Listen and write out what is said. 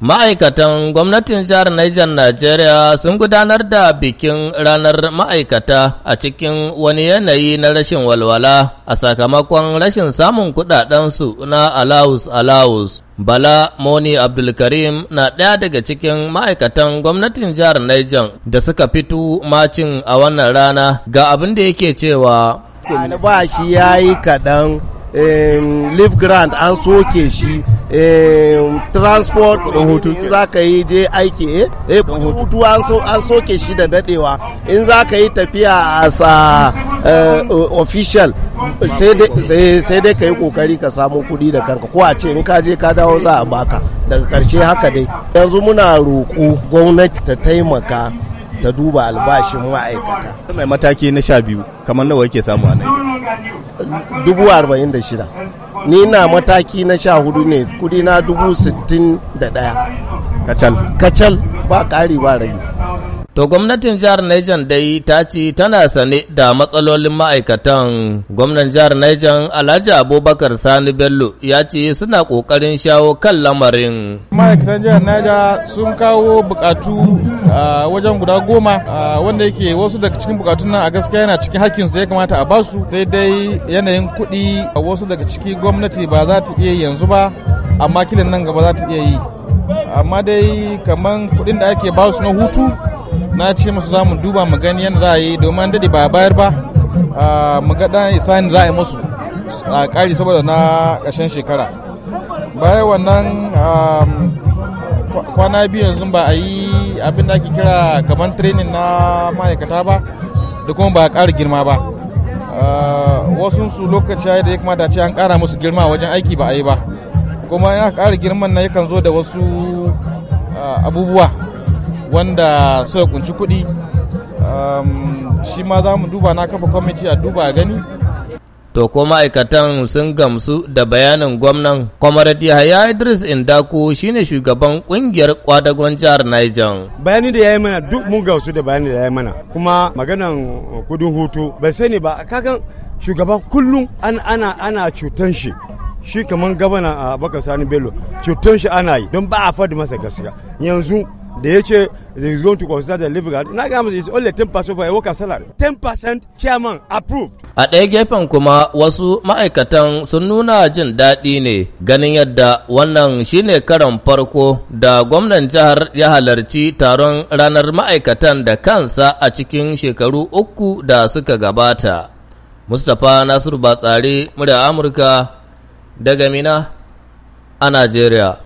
Ma'aikatan gwamnatin jihar Niger Najeriya sun gudanar da bikin ranar ma'aikata a cikin wani yanayi na rashin walwala a sakamakon rashin samun kudadensu na alaus alaus Bala Moni Abdulkarim na ɗaya daga cikin ma'aikatan gwamnatin jihar Niger da suka fito macin a wannan rana ga abin da yake cewa. Albashi ya yi kaɗan live grant an soke shi transport in za ka yi je aiki eh, eh hutu an soke shi da dadewa in za ka yi tafiya as a eh, official sai dai ka yi kokari ka samu kuɗi da kanka ko a ce in ka je ka dawo za a baka daga karshe haka dai yanzu muna roƙo gwamnati ta taimaka ta duba albashin ma'aikata. Mai mataki na sha biyu kamar nawa yake samu a nan? Dubu arba'in da shida. Ni na mataki na sha hudu ne kudi na dubu sittin da ɗaya. Kacal. Kacal ba ƙari ba rage. To gwamnatin jihar Niger dai ta ce tana sane da matsalolin ma'aikatan. Gwamnan jihar Niger Alhaji Abubakar Sani Bello ya ce suna ƙoƙarin shawo kan lamarin. Ma'aikatan jihar Niger sun kawo bukatu wajen guda goma wanda yake wasu daga cikin bukatun nan a gaskiya yana cikin hakkin su ya kamata a basu sai dai yanayin kuɗi wasu daga ciki gwamnati ba za ta iya yanzu ba amma kilin nan gaba za ta iya yi. Amma dai kaman kuɗin da ake basu na hutu na ce musu za mu duba mu gani yadda za a yi domin an dade ba bayar ba ah, mu ga dan isani za a yi musu a ƙari saboda na ƙarshen shekara bayan wannan kwana biyu yanzu ba a yi abin da ake kira kamar training na ma'aikata ba da kuma ba a ƙara girma ba ah, wasu su lokaci da ya kamata ce an ƙara musu girma wajen aiki ba a yi ba kuma ya ƙara girman na yakan zo da wasu ah, abubuwa wanda suka kunci kuɗi um, shi ma za mu duba na kafa kwamiti a duba a gani To ko ma'aikatan sun gamsu da bayanin gwamnan Comrade Yahaya Idris Indaku shine shugaban kungiyar kwadagon jihar Niger. Bayani da yayi mana duk mun gamsu da bayani da yayi mana kuma maganan uh, kudin hutu bai sani ba kakan shugaban kullum an ana ana cutan shi shi kaman gabana uh, a Baka Sani Bello cutan shi ana yi don ba a faɗi masa gaskiya yanzu da ya ce they is going to consider the living guard na gama is only 10% of a worker salary 10% chairman approved a ɗaya gefen kuma wasu ma'aikatan sun nuna jin daɗi ne ganin yadda wannan shine karan farko da gwamnan jihar ya halarci taron ranar ma'aikatan da kansa a cikin shekaru uku da suka gabata mustapha nasiru batsari murya amurka daga mina a najeriya